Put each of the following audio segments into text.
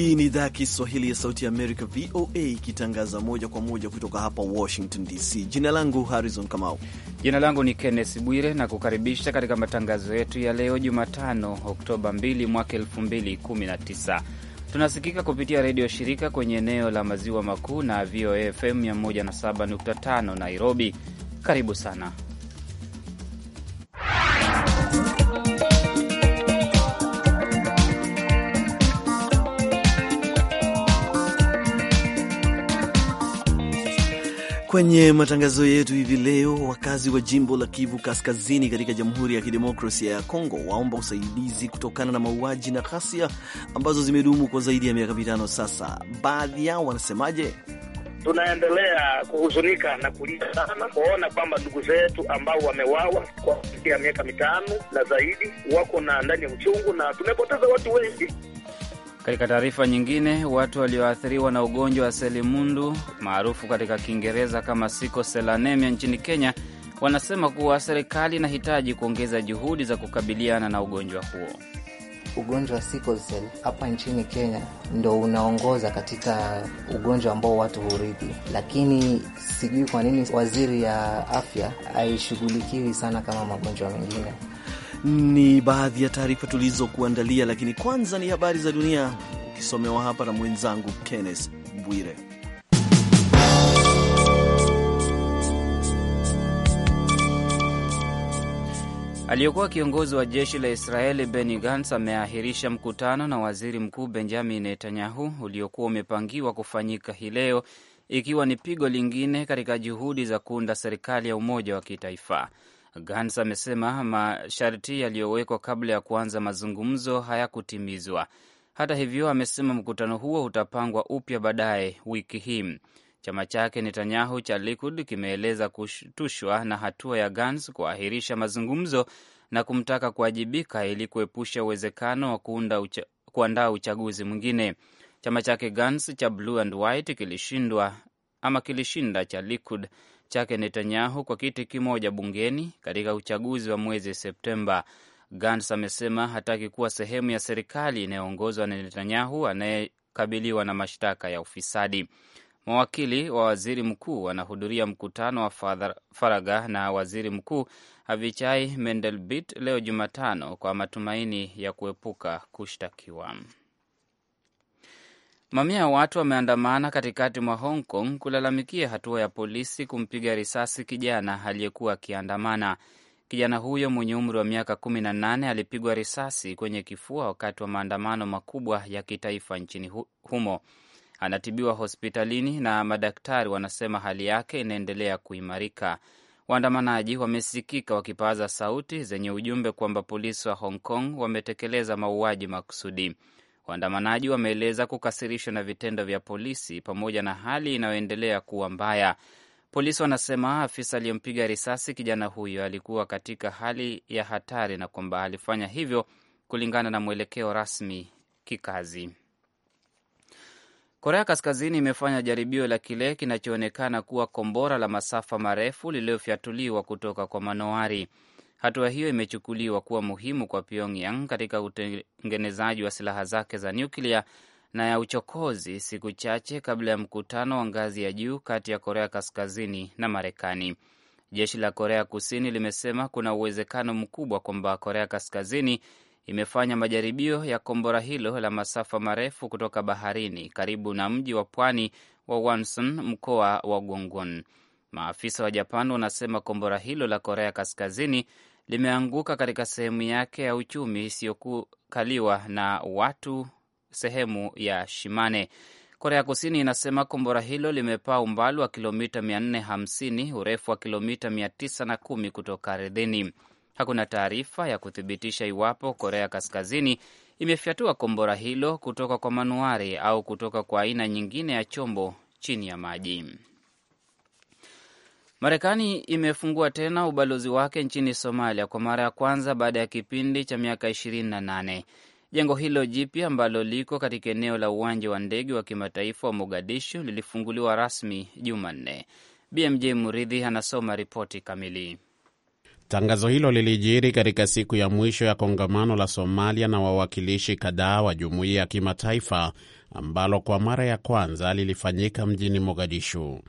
Hii ni idhaa ya Kiswahili ya Sauti ya Amerika, VOA, ikitangaza moja kwa moja kutoka hapa Washington DC. Jina langu Harrison Kamau. Jina langu ni Kenneth Bwire na kukaribisha katika matangazo yetu ya leo Jumatano, Oktoba 2 mwaka 2019. Tunasikika kupitia redio shirika kwenye eneo la maziwa makuu na VOA FM 107.5 Nairobi. Karibu sana Kwenye matangazo yetu hivi leo, wakazi wa jimbo la Kivu Kaskazini katika Jamhuri ya Kidemokrasia ya Kongo waomba usaidizi kutokana na mauaji na ghasia ambazo zimedumu kwa zaidi ya miaka mitano sasa. Baadhi yao wanasemaje? Tunaendelea kuhuzunika na kulia sana kuona kwamba ndugu zetu ambao wamewawa kwa ya miaka mitano na zaidi wako na ndani ya uchungu na tumepoteza watu wengi. Katika taarifa nyingine, watu walioathiriwa na ugonjwa wa selimundu maarufu katika Kiingereza kama siko selanemia nchini Kenya wanasema kuwa serikali inahitaji kuongeza juhudi za kukabiliana na ugonjwa huo. Ugonjwa wa sickle cell hapa nchini Kenya ndo unaongoza katika ugonjwa ambao watu hurithi, lakini sijui kwa nini waziri ya afya haishughulikiwi sana kama magonjwa mengine. Ni baadhi ya taarifa tulizokuandalia, lakini kwanza ni habari za dunia ukisomewa hapa na mwenzangu Kenneth Bwire. Aliyekuwa kiongozi wa jeshi la Israeli Benny Gantz ameahirisha mkutano na waziri mkuu Benjamin Netanyahu uliokuwa umepangiwa kufanyika hii leo, ikiwa ni pigo lingine katika juhudi za kuunda serikali ya umoja wa kitaifa. Gans amesema masharti yaliyowekwa kabla ya kuanza mazungumzo hayakutimizwa. Hata hivyo, amesema mkutano huo utapangwa upya baadaye wiki hii. Chama chake Netanyahu cha Likud kimeeleza kushtushwa na hatua ya Gans kuahirisha mazungumzo na kumtaka kuwajibika ili kuepusha uwezekano wa kuunda ucha, kuandaa uchaguzi mwingine. Chama chake Gans cha Blue and White kilishindwa ama kilishinda cha Likud chake Netanyahu kwa kiti kimoja bungeni katika uchaguzi wa mwezi Septemba. Gantz amesema hataki kuwa sehemu ya serikali inayoongozwa na Netanyahu anayekabiliwa na mashtaka ya ufisadi. Mawakili wa waziri mkuu wanahudhuria mkutano wa faragha na waziri mkuu Avichai Mendelbit leo Jumatano kwa matumaini ya kuepuka kushtakiwa. Mamia ya watu wameandamana katikati mwa Hong Kong kulalamikia hatua ya polisi kumpiga risasi kijana aliyekuwa akiandamana. Kijana huyo mwenye umri wa miaka 18 alipigwa risasi kwenye kifua wakati wa maandamano makubwa ya kitaifa nchini humo. Anatibiwa hospitalini na madaktari wanasema hali yake inaendelea kuimarika. Waandamanaji wamesikika wakipaaza sauti zenye ujumbe kwamba polisi wa Hong Kong wametekeleza mauaji makusudi. Waandamanaji wameeleza kukasirishwa na vitendo vya polisi pamoja na hali inayoendelea kuwa mbaya. Polisi wanasema afisa aliyempiga risasi kijana huyo alikuwa katika hali ya hatari na kwamba alifanya hivyo kulingana na mwelekeo rasmi kikazi. Korea Kaskazini imefanya jaribio la kile kinachoonekana kuwa kombora la masafa marefu lililofyatuliwa kutoka kwa manowari. Hatua hiyo imechukuliwa kuwa muhimu kwa Pyongyang katika utengenezaji wa silaha zake za nyuklia na ya uchokozi, siku chache kabla ya mkutano wa ngazi ya juu kati ya Korea Kaskazini na Marekani. Jeshi la Korea Kusini limesema kuna uwezekano mkubwa kwamba Korea Kaskazini imefanya majaribio ya kombora hilo la masafa marefu kutoka baharini karibu na mji wa pwani wa Wonsan, mkoa wa Gangwon. Maafisa wa Japan wanasema kombora hilo la Korea Kaskazini limeanguka katika sehemu yake ya uchumi isiyokukaliwa na watu, sehemu ya Shimane. Korea Kusini inasema kombora hilo limepaa umbali wa kilomita 450, urefu wa kilomita 910 kutoka ardhini. Hakuna taarifa ya kuthibitisha iwapo Korea Kaskazini imefyatua kombora hilo kutoka kwa manuari au kutoka kwa aina nyingine ya chombo chini ya maji. Marekani imefungua tena ubalozi wake nchini Somalia kwa mara ya kwanza baada ya kipindi cha miaka 28 Jengo hilo jipya ambalo liko katika eneo la uwanja wa ndege wa kimataifa wa Mogadishu lilifunguliwa rasmi Jumanne. BMJ Muridhi anasoma ripoti kamili. Tangazo hilo lilijiri katika siku ya mwisho ya kongamano la Somalia na wawakilishi kadhaa wa jumuiya ya kimataifa ambalo kwa mara ya kwanza lilifanyika mjini Mogadishu.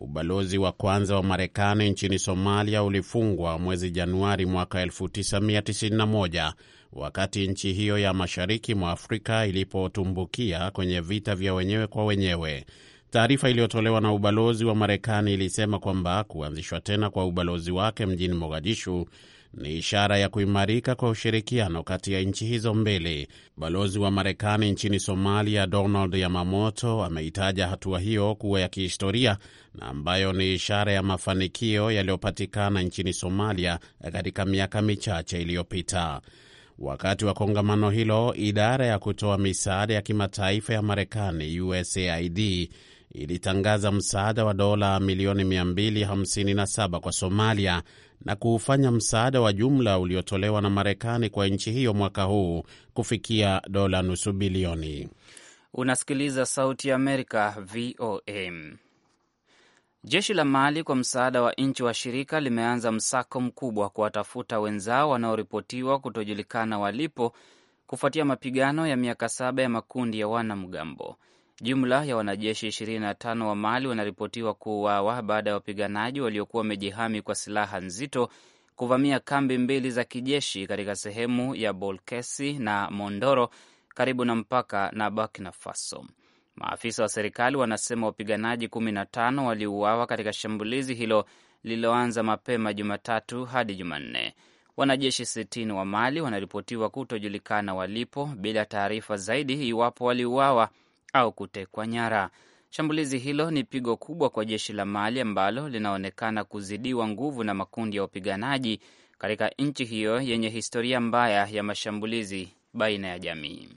Ubalozi wa kwanza wa Marekani nchini Somalia ulifungwa mwezi Januari mwaka 1991 wakati nchi hiyo ya mashariki mwa Afrika ilipotumbukia kwenye vita vya wenyewe kwa wenyewe. Taarifa iliyotolewa na ubalozi wa Marekani ilisema kwamba kuanzishwa tena kwa ubalozi wake mjini Mogadishu ni ishara ya kuimarika kwa ushirikiano kati ya nchi hizo mbili. Balozi wa Marekani nchini Somalia, Donald Yamamoto, ameitaja hatua hiyo kuwa ya kihistoria na ambayo ni ishara ya mafanikio yaliyopatikana nchini Somalia katika miaka michache iliyopita. Wakati wa kongamano hilo, idara ya kutoa misaada ya kimataifa ya Marekani, USAID, ilitangaza msaada wa dola milioni 257 kwa Somalia na kuufanya msaada wa jumla uliotolewa na Marekani kwa nchi hiyo mwaka huu kufikia dola nusu bilioni. Unasikiliza Sauti ya Amerika, VOA. Jeshi la Mali kwa msaada wa nchi wa shirika limeanza msako mkubwa kuwatafuta wenzao wanaoripotiwa kutojulikana walipo kufuatia mapigano ya miaka saba ya makundi ya wanamgambo. Jumla ya wanajeshi 25 wa Mali wanaripotiwa kuuawa baada ya wapiganaji waliokuwa wamejihami kwa silaha nzito kuvamia kambi mbili za kijeshi katika sehemu ya Bolkesi na Mondoro karibu na mpaka na Burkina Faso. Maafisa wa serikali wanasema wapiganaji 15 waliuawa katika shambulizi hilo lililoanza mapema Jumatatu hadi Jumanne. Wanajeshi 60 wa Mali wanaripotiwa kutojulikana walipo bila taarifa zaidi iwapo waliuawa au kutekwa nyara. Shambulizi hilo ni pigo kubwa kwa jeshi la Mali ambalo linaonekana kuzidiwa nguvu na makundi ya wapiganaji katika nchi hiyo yenye historia mbaya ya mashambulizi baina ya jamii.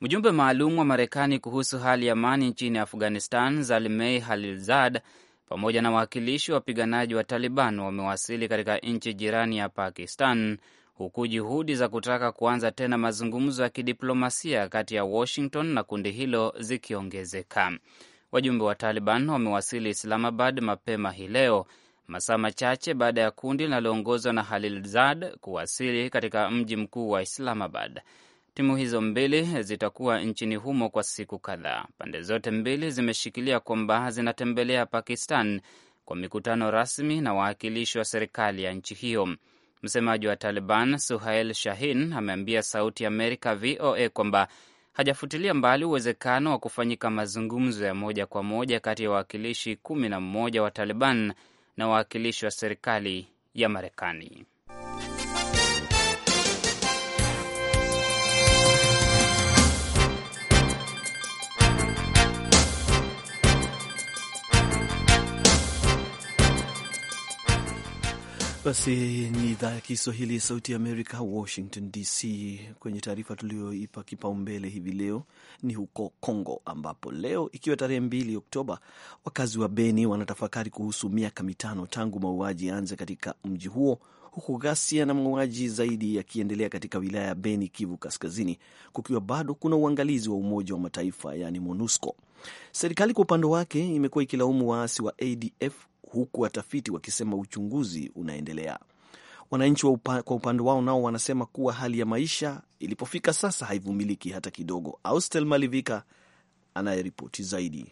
Mjumbe maalum wa Marekani kuhusu hali ya amani nchini Afghanistan, Zalmei Khalilzad, pamoja na wawakilishi wa wapiganaji wa Taliban wamewasili katika nchi jirani ya Pakistan huku juhudi za kutaka kuanza tena mazungumzo ya kidiplomasia kati ya Washington na kundi hilo zikiongezeka. Wajumbe wa Taliban wamewasili Islamabad mapema hii leo, masaa machache baada ya kundi linaloongozwa na Khalilzad kuwasili katika mji mkuu wa Islamabad. Timu hizo mbili zitakuwa nchini humo kwa siku kadhaa. Pande zote mbili zimeshikilia kwamba zinatembelea Pakistan kwa mikutano rasmi na wawakilishi wa serikali ya nchi hiyo. Msemaji wa Taliban Suhail Shahin ameambia Sauti ya Amerika VOA kwamba hajafutilia mbali uwezekano wa kufanyika mazungumzo ya moja kwa moja kati ya wawakilishi kumi na mmoja wa Taliban na wawakilishi wa serikali ya Marekani. Basi ni idhaa ya Kiswahili ya Sauti ya Amerika, Washington DC. Kwenye taarifa tuliyoipa kipaumbele hivi leo ni huko Congo, ambapo leo ikiwa tarehe mbili Oktoba, wakazi wa Beni wanatafakari kuhusu miaka mitano tangu mauaji yaanze katika mji huo, huku ghasia na mauaji zaidi yakiendelea katika wilaya ya Beni, Kivu Kaskazini, kukiwa bado kuna uangalizi wa Umoja wa Mataifa yaani MONUSCO. Serikali kwa upande wake imekuwa ikilaumu waasi wa ADF huku watafiti wakisema uchunguzi unaendelea. Wananchi upa, kwa upande wao nao wanasema kuwa hali ya maisha ilipofika sasa haivumiliki hata kidogo. Austel Malivika anayeripoti zaidi.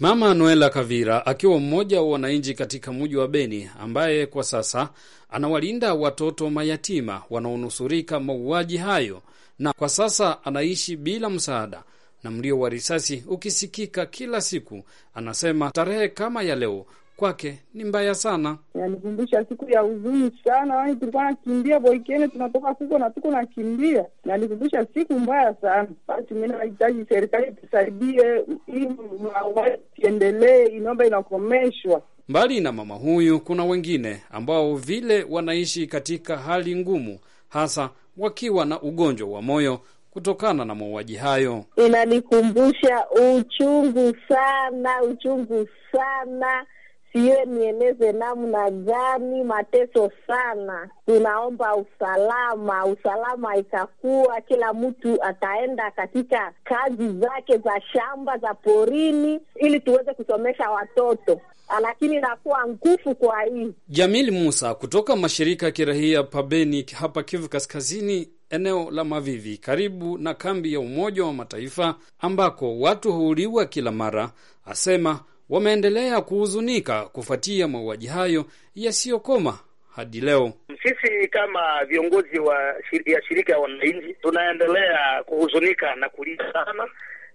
Mama Noela Kavira akiwa mmoja wa wananchi katika mji wa Beni ambaye kwa sasa anawalinda watoto mayatima wanaonusurika mauaji hayo, na kwa sasa anaishi bila msaada na mlio wa risasi ukisikika kila siku. Anasema tarehe kama ya leo kwake ni mbaya sana. Nalikumbusha siku ya huzuni sana, yani tulikuwa nakimbia boikene, tunatoka kuko na tuko nakimbia. Nalikumbusha siku mbaya sana. Basi mi nahitaji serikali tusaidie, hii mauaji iendelee, inomba inakomeshwa. Mbali na mama huyu, kuna wengine ambao vile wanaishi katika hali ngumu, hasa wakiwa na ugonjwa wa moyo kutokana na mauaji hayo. Inanikumbusha uchungu sana, uchungu sana siwe nieleze namna gani mateso sana. Tunaomba usalama, usalama ikakuwa kila mtu ataenda katika kazi zake za shamba za porini, ili tuweze kusomesha watoto, ah, lakini inakuwa nguvu. Kwa hii Jamil Musa kutoka mashirika ya kirahia Pabeni hapa Kivu Kaskazini, eneo la Mavivi karibu na kambi ya Umoja wa Mataifa ambako watu huuliwa kila mara, asema wameendelea kuhuzunika kufuatia mauaji hayo yasiyokoma hadi leo. Sisi kama viongozi wa shiri, ya shirika ya wananchi tunaendelea kuhuzunika na kulia sana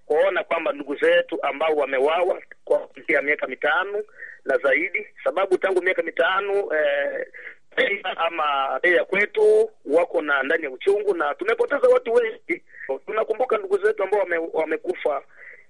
kuona kwamba ndugu zetu ambao wamewawa kwa kupitia miaka mitano na zaidi, sababu tangu miaka mitano eh, ama ya kwetu wako na ndani ya uchungu na tumepoteza watu wengi. Tunakumbuka ndugu zetu ambao wame, wamekufa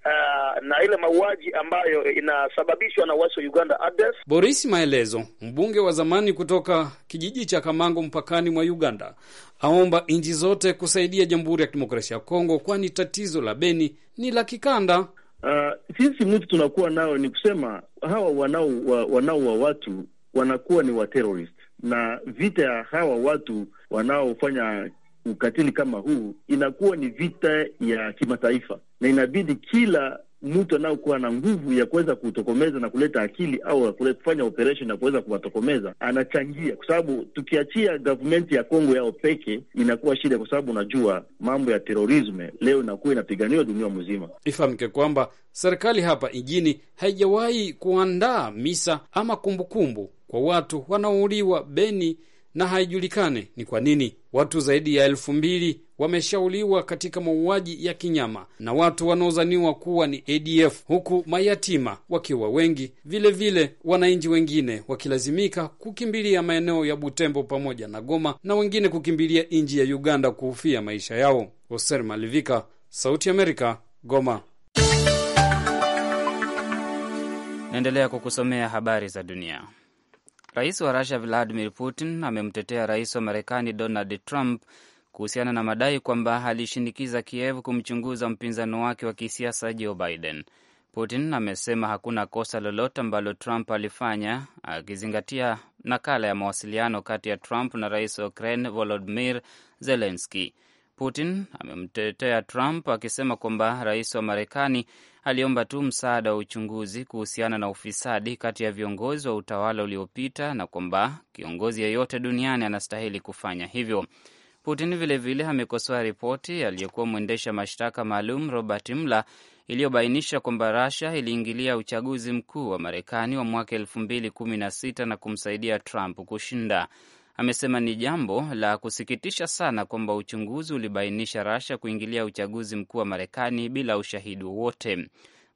uh, na ile mauaji ambayo inasababishwa na waasi wa Uganda ADF. Boris Maelezo, mbunge wa zamani kutoka kijiji cha Kamango mpakani mwa Uganda, aomba nchi zote kusaidia Jamhuri ya Kidemokrasia ya Kongo, kwani tatizo la Beni ni la kikanda. Uh, sisi mtu tunakuwa nao ni kusema hawa wa, wanao wa watu wanakuwa ni waterorist na vita ya hawa watu wanaofanya ukatili kama huu inakuwa ni vita ya kimataifa, na inabidi kila mtu anayokuwa na nguvu ya kuweza kutokomeza na kuleta akili au kufanya operation ya kuweza kuwatokomeza anachangia, kwa sababu tukiachia gavumenti ya Kongo yao peke inakuwa shida, kwa sababu unajua mambo ya terorisme leo inakuwa inapiganiwa dunia mzima. Ifahamike kwamba serikali hapa nchini haijawahi kuandaa misa ama kumbukumbu kwa watu wanaouliwa Beni na haijulikane ni kwa nini. Watu zaidi ya elfu mbili wameshauliwa katika mauaji ya kinyama na watu wanaodhaniwa kuwa ni ADF, huku mayatima wakiwa wengi, vilevile wananchi wengine wakilazimika kukimbilia maeneo ya Butembo pamoja na Goma na wengine kukimbilia nchi ya Uganda kuhufia maisha yao. Oser Malivika, Sauti Amerika, Goma. Naendelea kukusomea habari za dunia. Rais wa Rusia Vladimir Putin amemtetea rais wa Marekani Donald Trump kuhusiana na madai kwamba alishinikiza Kiev kumchunguza mpinzani wake wa kisiasa Joe Biden. Putin amesema hakuna kosa lolote ambalo Trump alifanya, akizingatia nakala ya mawasiliano kati ya Trump na rais wa Ukraine Volodimir Zelenski. Putin amemtetea Trump akisema kwamba rais wa Marekani aliomba tu msaada wa uchunguzi kuhusiana na ufisadi kati ya viongozi wa utawala uliopita na kwamba kiongozi yeyote duniani anastahili kufanya hivyo. Putin vilevile amekosoa ripoti aliyekuwa mwendesha mashtaka maalum Robert Mueller iliyobainisha kwamba Russia iliingilia uchaguzi mkuu wa Marekani wa mwaka elfu mbili kumi na sita na kumsaidia Trump kushinda amesema ni jambo la kusikitisha sana kwamba uchunguzi ulibainisha Rasha kuingilia uchaguzi mkuu wa Marekani bila ushahidi wowote.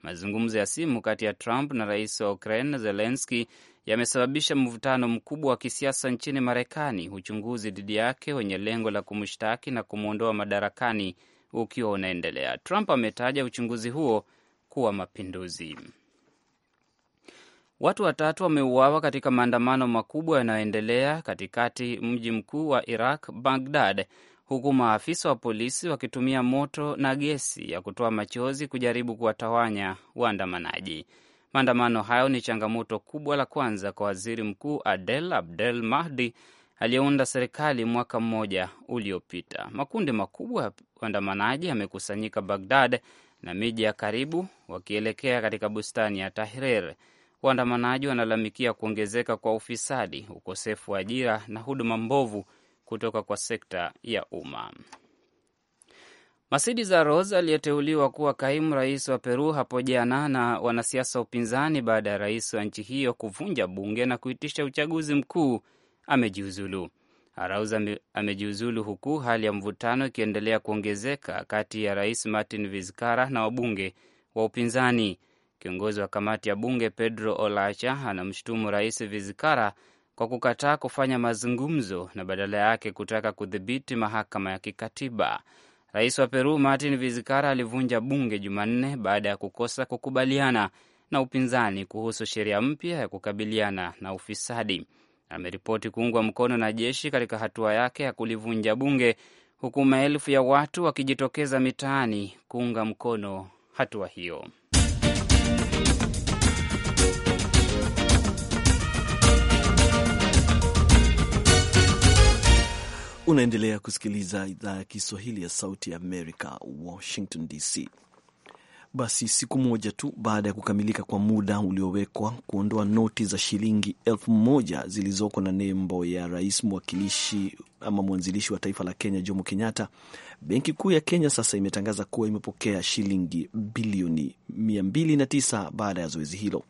Mazungumzo ya simu kati ya Trump na rais wa Ukraine Zelenski yamesababisha mvutano mkubwa wa kisiasa nchini Marekani, uchunguzi dhidi yake wenye lengo la kumshtaki na kumwondoa madarakani ukiwa unaendelea. Trump ametaja uchunguzi huo kuwa mapinduzi. Watu watatu wameuawa katika maandamano makubwa yanayoendelea katikati mji mkuu wa Iraq, bagdad huku maafisa wa polisi wakitumia moto na gesi ya kutoa machozi kujaribu kuwatawanya waandamanaji. Maandamano hayo ni changamoto kubwa la kwanza kwa waziri mkuu Adel Abdel Mahdi aliyeunda serikali mwaka mmoja uliopita. Makundi makubwa ya waandamanaji yamekusanyika bagdad na miji ya karibu wakielekea katika bustani ya Tahrir. Waandamanaji wanalalamikia kuongezeka kwa ufisadi, ukosefu wa ajira na huduma mbovu kutoka kwa sekta ya umma. masidi za ros aliyeteuliwa kuwa kaimu rais wa Peru hapo jana na wanasiasa wa upinzani baada ya rais wa nchi hiyo kuvunja bunge na kuitisha uchaguzi mkuu amejiuzulu. Arauz amejiuzulu huku hali ya mvutano ikiendelea kuongezeka kati ya rais Martin Vizcarra na wabunge wa upinzani. Kiongozi wa kamati ya bunge Pedro Olacha anamshutumu Rais vizikara kwa kukataa kufanya mazungumzo na badala yake kutaka kudhibiti mahakama ya kikatiba. Rais wa Peru Martin vizikara alivunja bunge Jumanne baada ya kukosa kukubaliana na upinzani kuhusu sheria mpya ya kukabiliana na ufisadi. Ameripoti kuungwa mkono na jeshi katika hatua yake ya kulivunja bunge, huku maelfu ya watu wakijitokeza mitaani kuunga mkono hatua hiyo. Unaendelea kusikiliza idhaa ya Kiswahili ya Sauti ya Amerika, Washington DC. Basi siku moja tu baada ya kukamilika kwa muda uliowekwa kuondoa noti za shilingi elfu moja zilizoko na nembo ya rais mwakilishi ama mwanzilishi wa taifa la Kenya Jomo Kenyatta, Benki Kuu ya Kenya sasa imetangaza kuwa imepokea shilingi bilioni 209 baada ya zoezi hilo.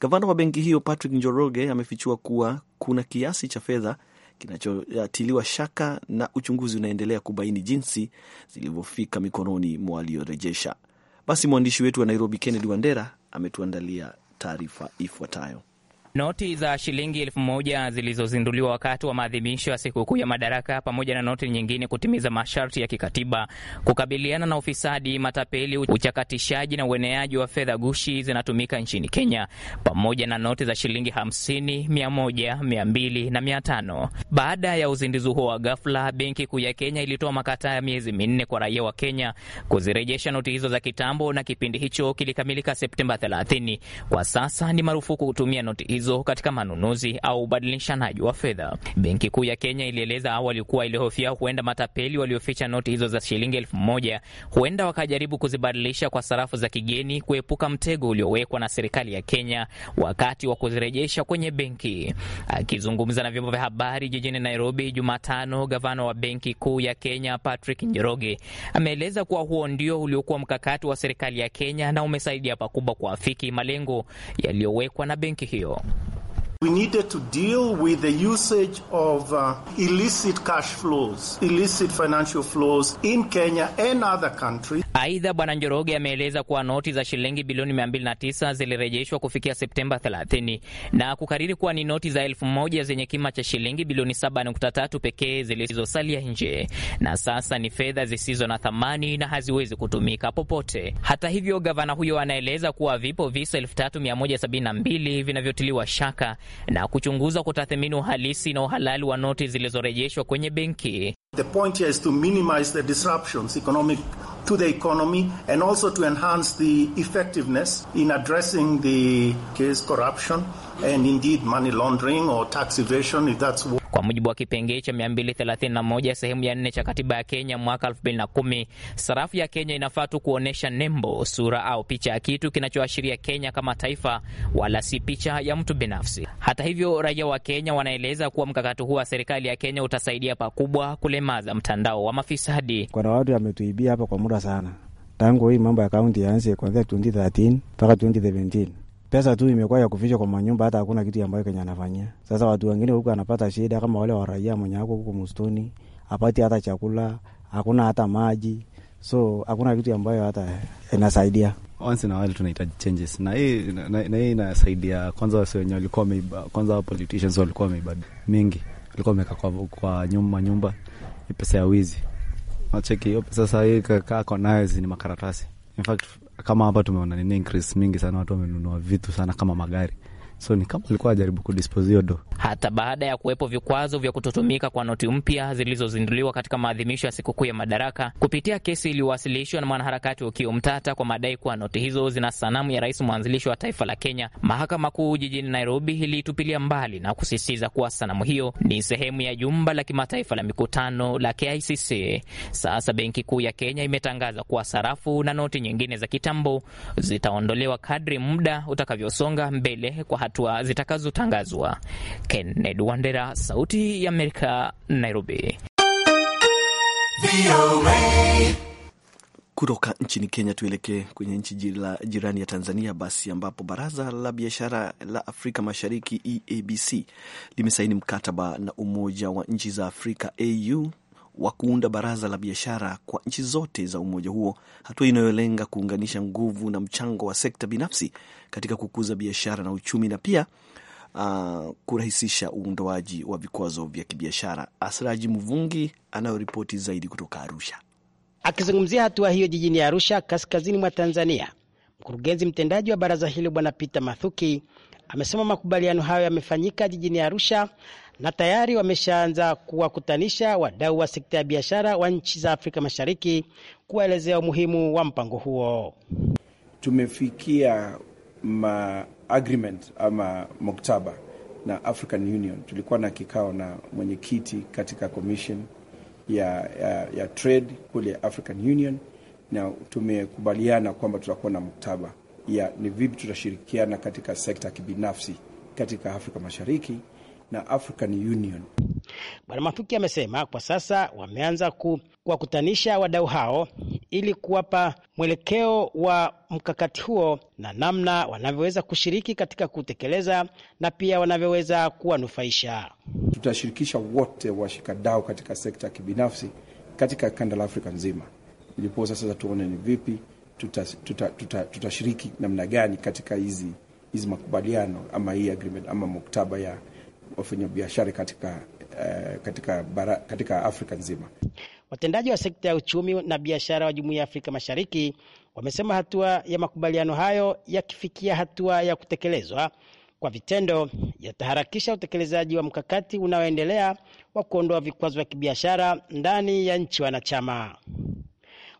Gavana wa benki hiyo Patrick Njoroge amefichua kuwa kuna kiasi cha fedha kinachotiliwa shaka na uchunguzi unaendelea kubaini jinsi zilivyofika mikononi mwa waliorejesha. Basi mwandishi wetu wa Nairobi, Kennedy Wandera, ametuandalia taarifa ifuatayo. Noti za shilingi elfu moja zilizozinduliwa wakati wa maadhimisho ya sikukuu ya Madaraka pamoja na noti nyingine kutimiza masharti ya kikatiba, kukabiliana na ufisadi, matapeli, uchakatishaji na ueneaji wa fedha gushi zinatumika nchini Kenya, pamoja na noti za shilingi hamsini, mia moja, mia mbili na mia tano. Baada ya uzinduzi huo wa ghafla, Benki Kuu ya Kenya ilitoa makataa ya miezi minne kwa raia wa Kenya kuzirejesha noti hizo za kitambo, na kipindi hicho kilikamilika Septemba 30. Kwa sasa ni marufuku kutumia noti hizo hizo katika manunuzi au ubadilishanaji wa fedha. Benki Kuu ya Kenya ilieleza awali kuwa ilihofia huenda matapeli walioficha noti hizo za shilingi elfu moja huenda wakajaribu kuzibadilisha kwa sarafu za kigeni kuepuka mtego uliowekwa na serikali ya Kenya wakati wa kuzirejesha kwenye benki. Akizungumza na vyombo vya habari jijini Nairobi Jumatano, gavana wa Benki Kuu ya Kenya Patrick Njoroge ameeleza kuwa huo ndio uliokuwa mkakati wa serikali ya Kenya na umesaidia pakubwa kuafiki malengo yaliyowekwa na benki hiyo. We needed to deal with the usage of uh, illicit cash flows, illicit financial flows in Kenya and other countries. Aidha, Bwana Njoroge ameeleza kuwa noti za shilingi bilioni 209 zilirejeshwa kufikia Septemba 30 na kukariri kuwa ni noti za elfu moja zenye kima cha shilingi bilioni 7.3 pekee zilizosalia nje, na sasa ni fedha zisizo na thamani na haziwezi kutumika popote. Hata hivyo, gavana huyo anaeleza kuwa vipo visa 3172 vinavyotiliwa shaka na kuchunguza kutathmini uhalisi na uhalali wa noti zilizorejeshwa kwenye benki. The point here is to minimize the disruptions economic to the economy and also to enhance the effectiveness in addressing the case corruption and indeed money laundering or tax evasion if that's what... Kwa mujibu wa kipengee cha 231 sehemu ya nne cha katiba ya Kenya mwaka 2010, sarafu ya Kenya inafaa tu kuonyesha nembo, sura au picha ya kitu kinachoashiria Kenya kama taifa, wala si picha ya mtu binafsi. Hata hivyo, raia wa Kenya wanaeleza kuwa mkakati huu wa serikali ya Kenya utasaidia pakubwa kulemaza mtandao wa mafisadi. Kuna watu hapa kwa muda sana, tangu hii mambo ya kaunti yaanze kuanzia 2013 mpaka 2017 pesa tu imekuwa ya kufisha kwa manyumba, hata hakuna kitu ambayo Kenya anafanyia. Sasa watu wengine huku anapata shida, kama wale waraia mwenye ako huku mustoni, apati hata chakula, hakuna hata maji, so hakuna kitu ambayo hata inasaidia. Once na wale tunahitaji changes, na hii na na, hii inasaidia kwanza, wase wenye walikuwa wameiba kwanza, politicians walikuwa wameiba mingi, walikuwa wameka kwa, kwa nyumba nyumba, pesa ya wizi, wacheki hiyo pesa. Sasa hii kakaa konayo nayo ni makaratasi in fact kama hapa tumeona nini increase mingi sana, watu wamenunua vitu sana kama magari so ni kama alikuwa ajaribu kudispose hiyo do. Hata baada ya kuwepo vikwazo vya kutotumika kwa noti mpya zilizozinduliwa katika maadhimisho ya sikukuu ya Madaraka kupitia kesi iliyowasilishwa na mwanaharakati ukio Mtata kwa madai kuwa noti hizo zina sanamu ya rais mwanzilishi wa taifa la Kenya, mahakama kuu jijini Nairobi iliitupilia mbali na kusisitiza kuwa sanamu hiyo ni sehemu ya jumba la kimataifa la mikutano la KICC. Sasa benki kuu ya Kenya imetangaza kuwa sarafu na noti nyingine za kitambo zitaondolewa kadri muda utakavyosonga mbele kwa hatua zitakazotangazwa. Kennedy Wandera, Sauti ya Amerika, Nairobi. Kutoka nchini Kenya tuelekee kwenye nchi jirani ya Tanzania basi, ambapo Baraza la Biashara la Afrika Mashariki EABC limesaini mkataba na Umoja wa Nchi za Afrika AU wa kuunda baraza la biashara kwa nchi zote za umoja huo, hatua inayolenga kuunganisha nguvu na mchango wa sekta binafsi katika kukuza biashara na uchumi na pia uh, kurahisisha uundoaji wa vikwazo vya kibiashara. Asraji Mvungi anayoripoti zaidi kutoka Arusha. Akizungumzia hatua hiyo jijini Arusha, kaskazini mwa Tanzania, mkurugenzi mtendaji wa baraza hilo Bwana Peter Mathuki amesema makubaliano hayo yamefanyika jijini Arusha na tayari wameshaanza kuwakutanisha wadau wa sekta ya biashara wa nchi za Afrika Mashariki kuwaelezea umuhimu wa mpango huo. Tumefikia ma agreement ama moktaba na African Union. Tulikuwa na kikao na mwenyekiti katika commission ya, ya, ya trade kule African Union, na tumekubaliana kwamba tutakuwa na moktaba ya ni vipi tutashirikiana katika sekta ya kibinafsi katika Afrika Mashariki na African Union. Bwana Mafuki amesema kwa sasa wameanza kuwakutanisha wadau hao ili kuwapa mwelekeo wa mkakati huo na namna wanavyoweza kushiriki katika kutekeleza na pia wanavyoweza kuwanufaisha. Tutashirikisha wote washikadau katika sekta ya kibinafsi katika kanda la Afrika nzima, ndipo sasa tuone ni vipi tutashiriki tuta, tuta, tuta namna gani katika hizi hizi makubaliano ama hii agreement ama muktaba ya wafanyabiashara katika, uh, katika, bara, katika Afrika nzima. Watendaji wa sekta ya uchumi na biashara wa Jumuiya ya Afrika Mashariki wamesema hatua ya makubaliano hayo yakifikia hatua ya kutekelezwa kwa vitendo yataharakisha utekelezaji wa mkakati unaoendelea wa kuondoa vikwazo vya kibiashara ndani ya nchi wanachama.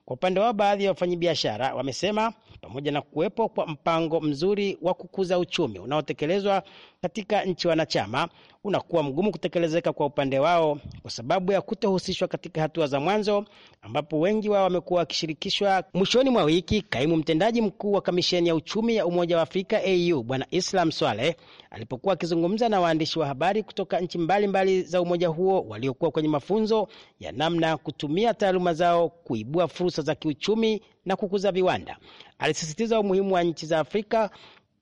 Kwa upande wao, baadhi ya wafanyabiashara wamesema pamoja na kuwepo kwa mpango mzuri wa kukuza uchumi unaotekelezwa katika nchi wanachama unakuwa mgumu kutekelezeka kwa upande wao kwa sababu ya kutohusishwa katika hatua za mwanzo, ambapo wengi wao wamekuwa wakishirikishwa. Mwishoni mwa wiki, kaimu mtendaji mkuu wa kamisheni ya uchumi ya Umoja wa Afrika AU Bwana Islam Swaleh alipokuwa akizungumza na waandishi wa habari kutoka nchi mbalimbali za umoja huo waliokuwa kwenye mafunzo ya namna ya kutumia taaluma zao kuibua fursa za kiuchumi na kukuza viwanda, alisisitiza umuhimu wa nchi za Afrika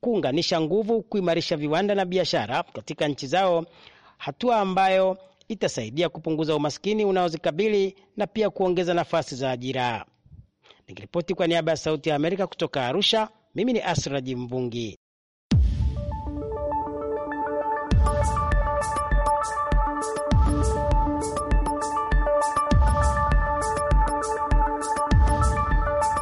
kuunganisha nguvu, kuimarisha viwanda na biashara katika nchi zao, hatua ambayo itasaidia kupunguza umaskini unaozikabili na pia kuongeza nafasi za ajira. Nikiripoti kwa niaba ya Sauti ya Amerika kutoka Arusha, mimi ni Asraji Mvungi.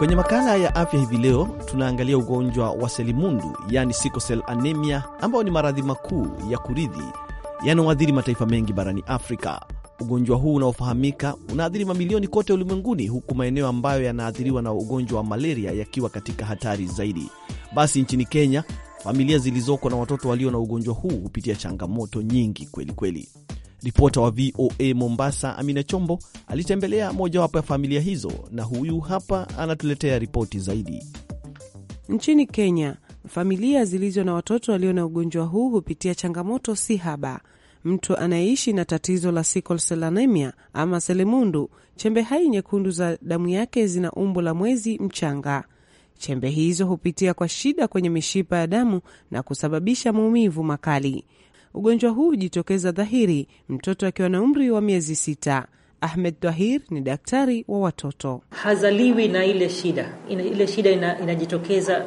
Kwenye makala ya afya hivi leo tunaangalia ugonjwa wa selimundu, yani sikosel anemia, ambao ni maradhi makuu ya kurithi yanayoathiri mataifa mengi barani Afrika. Ugonjwa huu unaofahamika unaathiri mamilioni kote ulimwenguni, huku maeneo ambayo yanaathiriwa na ugonjwa wa malaria yakiwa katika hatari zaidi. Basi nchini Kenya, familia zilizoko na watoto walio na ugonjwa huu hupitia changamoto nyingi kwelikweli kweli. Ripota wa VOA Mombasa, Amina Chombo, alitembelea mojawapo ya familia hizo na huyu hapa anatuletea ripoti zaidi. Nchini Kenya, familia zilizo na watoto walio na ugonjwa huu hupitia changamoto si haba. Mtu anayeishi na tatizo la sickle cell anemia ama selemundu, chembe hai nyekundu za damu yake zina umbo la mwezi mchanga. Chembe hizo hupitia kwa shida kwenye mishipa ya damu na kusababisha maumivu makali. Ugonjwa huu hujitokeza dhahiri mtoto akiwa na umri wa miezi sita. Ahmed Dahir ni daktari wa watoto. Hazaliwi na ile shida ina, ile shida ina, inajitokeza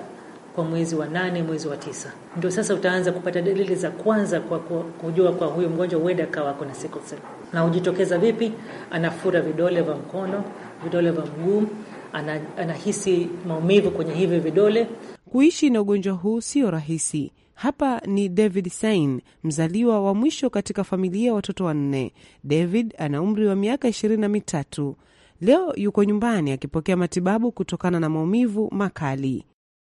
kwa mwezi wa nane, mwezi wa tisa ndio sasa utaanza kupata dalili za kwanza kwa kujua kwa huyu mgonjwa huenda akawa ako na sickle cell. Na hujitokeza vipi? Anafura vidole vya mkono, vidole vya mguu, anahisi maumivu kwenye hivi vidole. Kuishi na ugonjwa huu sio rahisi hapa ni David Sain, mzaliwa wa mwisho katika familia ya watoto wanne. David ana umri wa miaka ishirini na mitatu. Leo yuko nyumbani akipokea matibabu kutokana na maumivu makali.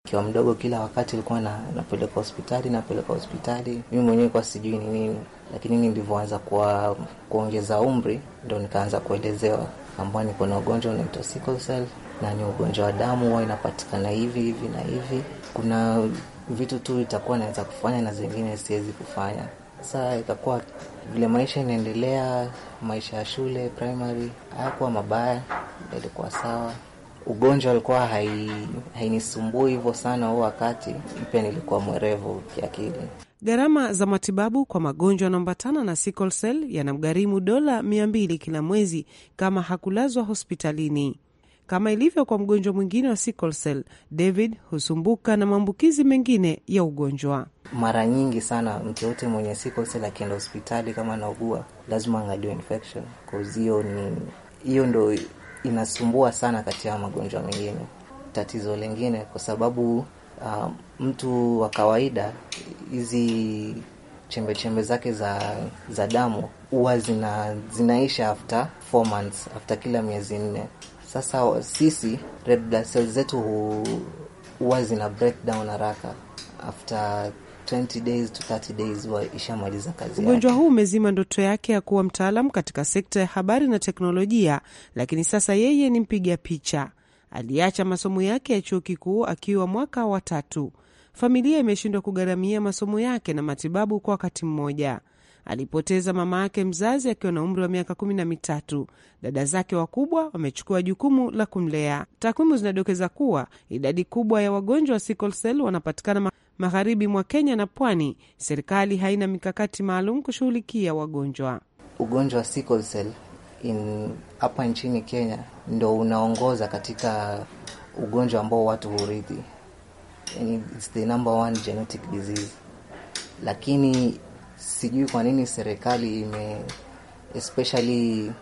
Kiwa mdogo, kila wakati ulikuwa na, napeleka hospitali napeleka hospitali, mimi mwenyewe kwa sijui ni nini, lakini ni kwa kuongeza umri ndo nikaanza kuelezewa ambao niko na ugonjwa unaitwa sickle cell na ni ugonjwa wa damu, huwa inapatikana hivi hivi na hivi. Kuna vitu tu itakuwa naweza kufanya na zingine siwezi kufanya. Sasa ikakuwa vile maisha inaendelea, maisha ya shule primary hayakuwa mabaya, yalikuwa sawa. Ugonjwa alikuwa hainisumbui hai hivyo sana huu wakati, mpya nilikuwa mwerevu kiakili. Gharama za matibabu kwa magonjwa yanaambatana na sicl cell yanamgharimu dola mia mbili kila mwezi kama hakulazwa hospitalini. Kama ilivyo kwa mgonjwa mwingine wa sickle cell, David husumbuka na maambukizi mengine ya ugonjwa. Mara nyingi sana mtu yote mwenye sickle cell akienda hospitali kama anaugua, lazima angaliwe infection cause hiyo ni hiyo ndo inasumbua sana kati ya magonjwa mengine. Tatizo lingine kwa sababu uh, mtu wa kawaida hizi chembechembe chembe zake za, za damu huwa zina, zinaisha after four months, after kila miezi nne sasa sisi red blood cells zetu huwa zina breakdown haraka after 20 days to 30 days huwa ishamaliza kazi. Ugonjwa huu umezima ndoto yake ya kuwa mtaalamu katika sekta ya habari na teknolojia, lakini sasa yeye ni mpiga picha. Aliacha masomo yake ya chuo kikuu akiwa mwaka wa tatu. Familia imeshindwa kugharamia masomo yake na matibabu kwa wakati mmoja alipoteza mama yake mzazi akiwa na umri wa miaka kumi na mitatu. Dada zake wakubwa wamechukua jukumu la kumlea. Takwimu zinadokeza kuwa idadi kubwa ya wagonjwa wa sickle cell wanapatikana magharibi mwa Kenya na pwani. Serikali haina mikakati maalum kushughulikia wagonjwa. Ugonjwa wa sickle cell hapa nchini Kenya ndo unaongoza katika ugonjwa ambao watu hurithi, it's the number one genetic disease, lakini sijui kwa nini serikali ime especially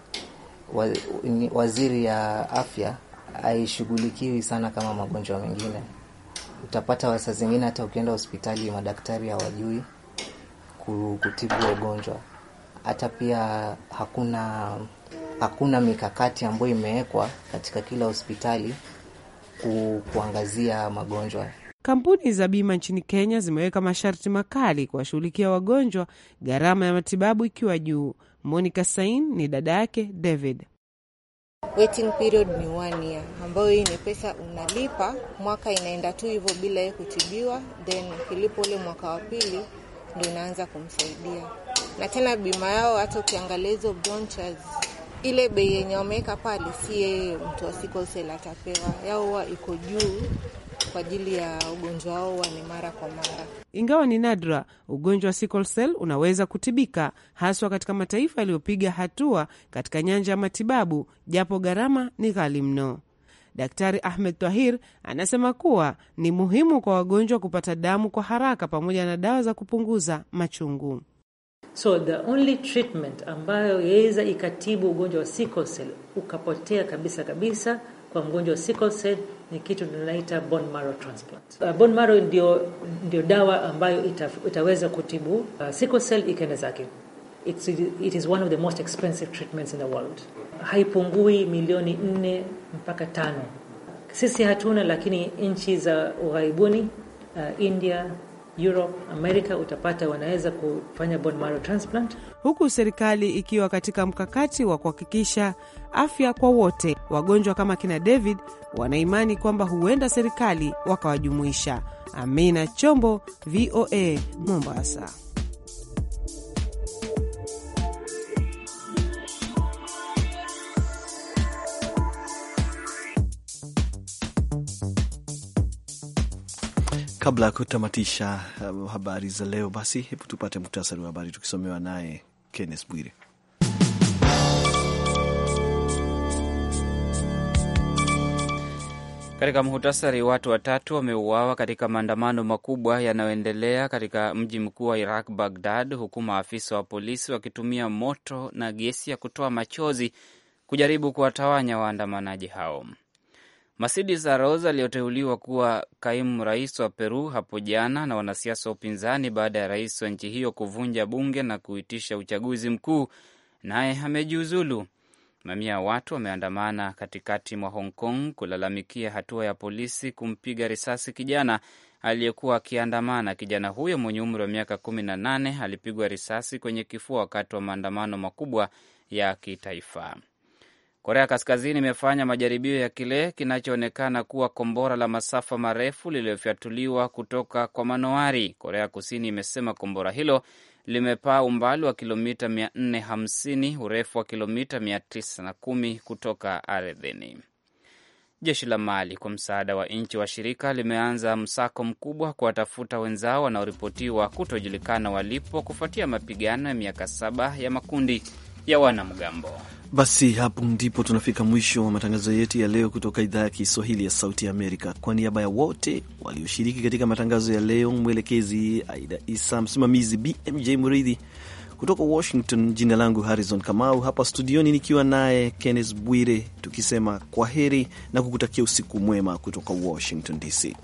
waziri ya afya haishughulikiwi sana kama magonjwa mengine. Utapata wasa zingine hata ukienda hospitali madaktari hawajui kutibu wagonjwa, hata pia hakuna hakuna mikakati ambayo imewekwa katika kila hospitali kuangazia magonjwa Kampuni za bima nchini Kenya zimeweka masharti makali kuwashughulikia wagonjwa, gharama ya matibabu ikiwa juu. Monica Sain ni dada yake David. Waiting period ni one year, ambayo hii ni pesa unalipa mwaka inaenda tu hivyo bila ye kutibiwa, then ukilipa ule mwaka wa pili ndo inaanza kumsaidia. Na tena bima yao hata ukiangalia hizo bronchers ile bei yenye wameweka pale, si yeye mtu wa sickle cell atapewa, yao huwa iko juu kwa ajili ya ugonjwa wao ni mara kwa mara. Ingawa ni nadra, ugonjwa wa sickle cell unaweza kutibika, haswa katika mataifa yaliyopiga hatua katika nyanja ya matibabu, japo gharama ni ghali mno. Daktari Ahmed tahir anasema kuwa ni muhimu kwa wagonjwa kupata damu kwa haraka pamoja na dawa za kupunguza machungu. So the only treatment ambayo yaweza ikatibu ugonjwa wa sickle cell ukapotea kabisa kabisa kwa mgonjwa wa sickle cell ni kitu tunaita bone marrow transplant. Uh, bone marrow ndio, ndio dawa ambayo ita, itaweza kutibu uh, sickle cell ikenda zake. It's, it is one of the most expensive treatments in the world. Haipungui milioni nne mpaka tano. Sisi hatuna, lakini nchi za ughaibuni uh, India Europe, America utapata wanaweza kufanya bone marrow transplant, huku serikali ikiwa katika mkakati wa kuhakikisha afya kwa wote. Wagonjwa kama kina David wanaimani kwamba huenda serikali wakawajumuisha. Amina Chombo, VOA, Mombasa. Kabla ya kutamatisha uh, habari za leo, basi hebu tupate muktasari wa habari tukisomewa naye Kenneth Bwire. Katika muhtasari, watu watatu wameuawa katika maandamano makubwa yanayoendelea katika mji mkuu wa Iraq, Baghdad, huku maafisa wa polisi wakitumia moto na gesi ya kutoa machozi kujaribu kuwatawanya waandamanaji hao. Mercedes Araoz aliyoteuliwa kuwa kaimu rais wa Peru hapo jana na wanasiasa wa upinzani baada ya rais wa nchi hiyo kuvunja bunge na kuitisha uchaguzi mkuu, naye amejiuzulu. Mamia ya watu wameandamana katikati mwa Hong Kong kulalamikia hatua ya polisi kumpiga risasi kijana aliyekuwa akiandamana. Kijana huyo mwenye umri wa miaka kumi na nane alipigwa risasi kwenye kifua wakati wa maandamano makubwa ya kitaifa. Korea Kaskazini imefanya majaribio ya kile kinachoonekana kuwa kombora la masafa marefu lililofyatuliwa kutoka kwa manowari. Korea Kusini imesema kombora hilo limepaa umbali wa kilomita 450, urefu wa kilomita 910 kutoka ardhini. Jeshi la Mali kwa msaada wa nchi wa shirika limeanza msako mkubwa kuwatafuta wenzao wanaoripotiwa kutojulikana walipo kufuatia mapigano ya miaka saba ya makundi ya wanamgambo. Basi hapo ndipo tunafika mwisho wa matangazo yetu ya leo kutoka idhaa ya Kiswahili ya Sauti ya Amerika. Kwa niaba ya wote walioshiriki katika matangazo ya leo, mwelekezi Aida Isa, msimamizi BMJ Muridhi kutoka Washington. Jina langu Harrison Kamau, hapa studioni nikiwa naye Kenneth Bwire, tukisema kwa heri na kukutakia usiku mwema kutoka Washington DC.